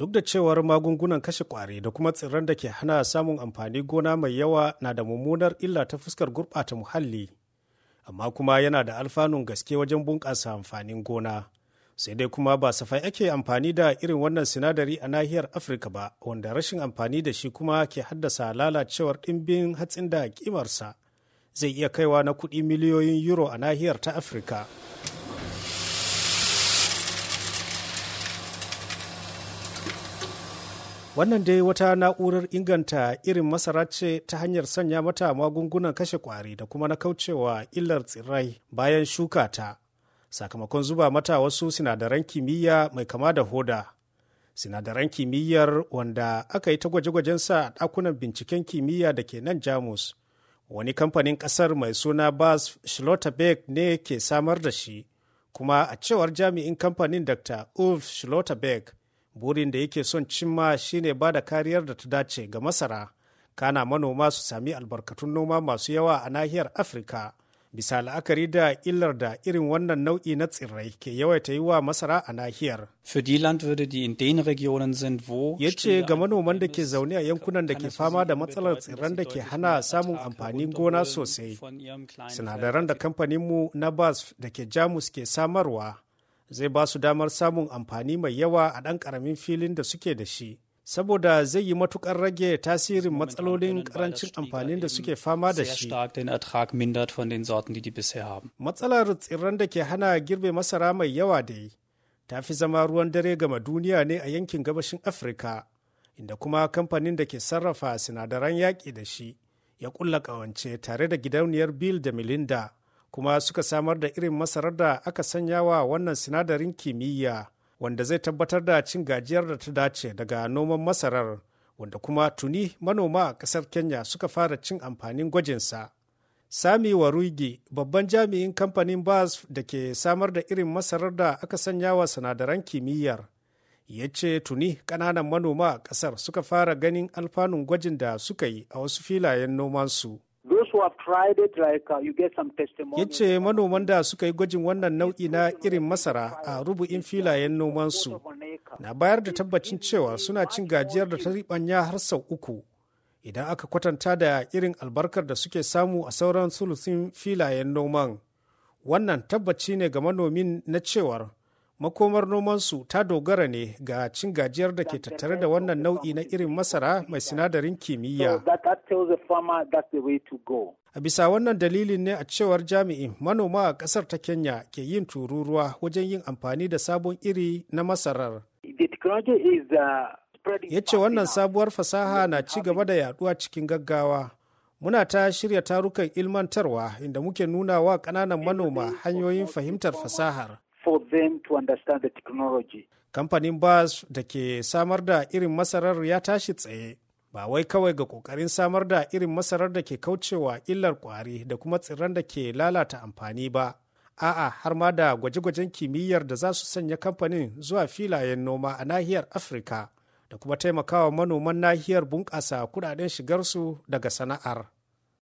duk da cewar magungunan kashe kwari da kuma tsirran da ke hana samun amfani gona mai yawa na da mummunar illa ta fuskar gurɓata muhalli amma kuma yana da alfanun gaske wajen bunƙasa amfanin gona sai dai kuma ba safai ake amfani da irin wannan sinadari a nahiyar afirka ba wanda rashin amfani da shi kuma ke haddasa lalacewar ɗimbin hatsin da kimarsa zai iya kaiwa na kuɗi miliyoyin euro a nahiyar ta afirka Wannan dai wata na'urar inganta irin masara ce ta hanyar sanya mata magungunan kashe ƙwari da kuma na kaucewa illar tsirrai bayan shuka ta, sakamakon zuba mata wasu sinadaran kimiyya mai kama da hoda. Sinadaran kimiyyar wanda aka yi ta gwaje gwajen sa a ɗakunan binciken kimiyya da ke nan Jamus. Wani kamfanin ƙasar mai suna Bas Schlotterbeck ne ke samar da shi, kuma a cewar jami'in kamfanin Dr. Ulf Schlotterbeck burin da yake son cimma shine ba da kariyar da ta dace ga masara kana manoma su sami albarkatun noma masu yawa a nahiyar afirka bisa la'akari da illar da irin wannan nau'i na tsirrai ke yawaita yi wa masara a nahiyar. Ya ce ga manoman da ke zaune a yankunan da ke fama da matsalar tsirran da ke hana samun amfanin gona sosai. Sinadaran da kamfaninmu na BASF da ke Jamus ke samarwa zai ba su damar samun amfani mai yawa a ɗan ƙaramin filin da suke da shi saboda zai yi matukar rage tasirin matsalolin ƙarancin amfanin da suke fama da shi. Matsalar tsirran da ke hana girbe masara mai yawa da yi ta fi zama ruwan dare gama duniya ne a yankin gabashin Afirka, inda kuma kamfanin da ke sarrafa sinadaran yaƙi da shi ya ƙulla ƙawance tare da gidauniyar Bill da Melinda. kuma suka samar da irin masarar da aka sanya wa wannan sinadarin kimiyya wanda zai tabbatar da cin gajiyar da ta dace daga noman masarar wanda kuma tuni manoma a ƙasar kenya suka fara cin amfanin gwajinsa sami warugi babban jami'in kamfanin bas da ke samar da irin masarar da aka sanya wa sinadaran kimiyyar ya ce tuni ƙananan manoma a ƙasar suka fara ganin alfanun gwajin da suka yi a wasu filayen nomansu. Uh, ya ce manoman da suka yi gwajin wannan nau'i na irin masara a rubu'in filayen nomansu na bayar da tabbacin cewa suna cin gajiyar da ta riɓanya har sau uku idan aka kwatanta da irin albarkar da suke samu a sauran sulusin filayen noman. Wannan tabbaci ne ga manomin na cewar makomar nomansu ta dogara ne ga cin gajiyar da ke tattare da wannan nau'i na irin masara mai sinadarin kimiyya. A bisa wannan dalilin ne a cewar jami'in manoma a ƙasar ta Kenya ke yin tururuwa wajen yin amfani da sabon iri na masarar. Uh, ya wannan sabuwar fasaha na ci gaba da yaduwa cikin gaggawa. muna ta shirya tarukan ilmantarwa inda muke nuna wa ƙananan manoma hanyoyin fahimtar fasahar for them to understand the technology. Kamfanin Bas da ke samar da irin masarar ya tashi tsaye ba wai kawai ga kokarin samar da irin masarar da ke kaucewa illar kwari da kuma tsirran da ke lalata amfani ba. A'a har ma da gwaje-gwajen kimiyyar da za su sanya kamfanin zuwa filayen noma a nahiyar Afirka da kuma taimakawa manoman nahiyar bunƙasa kudaden shigarsu daga sana'ar.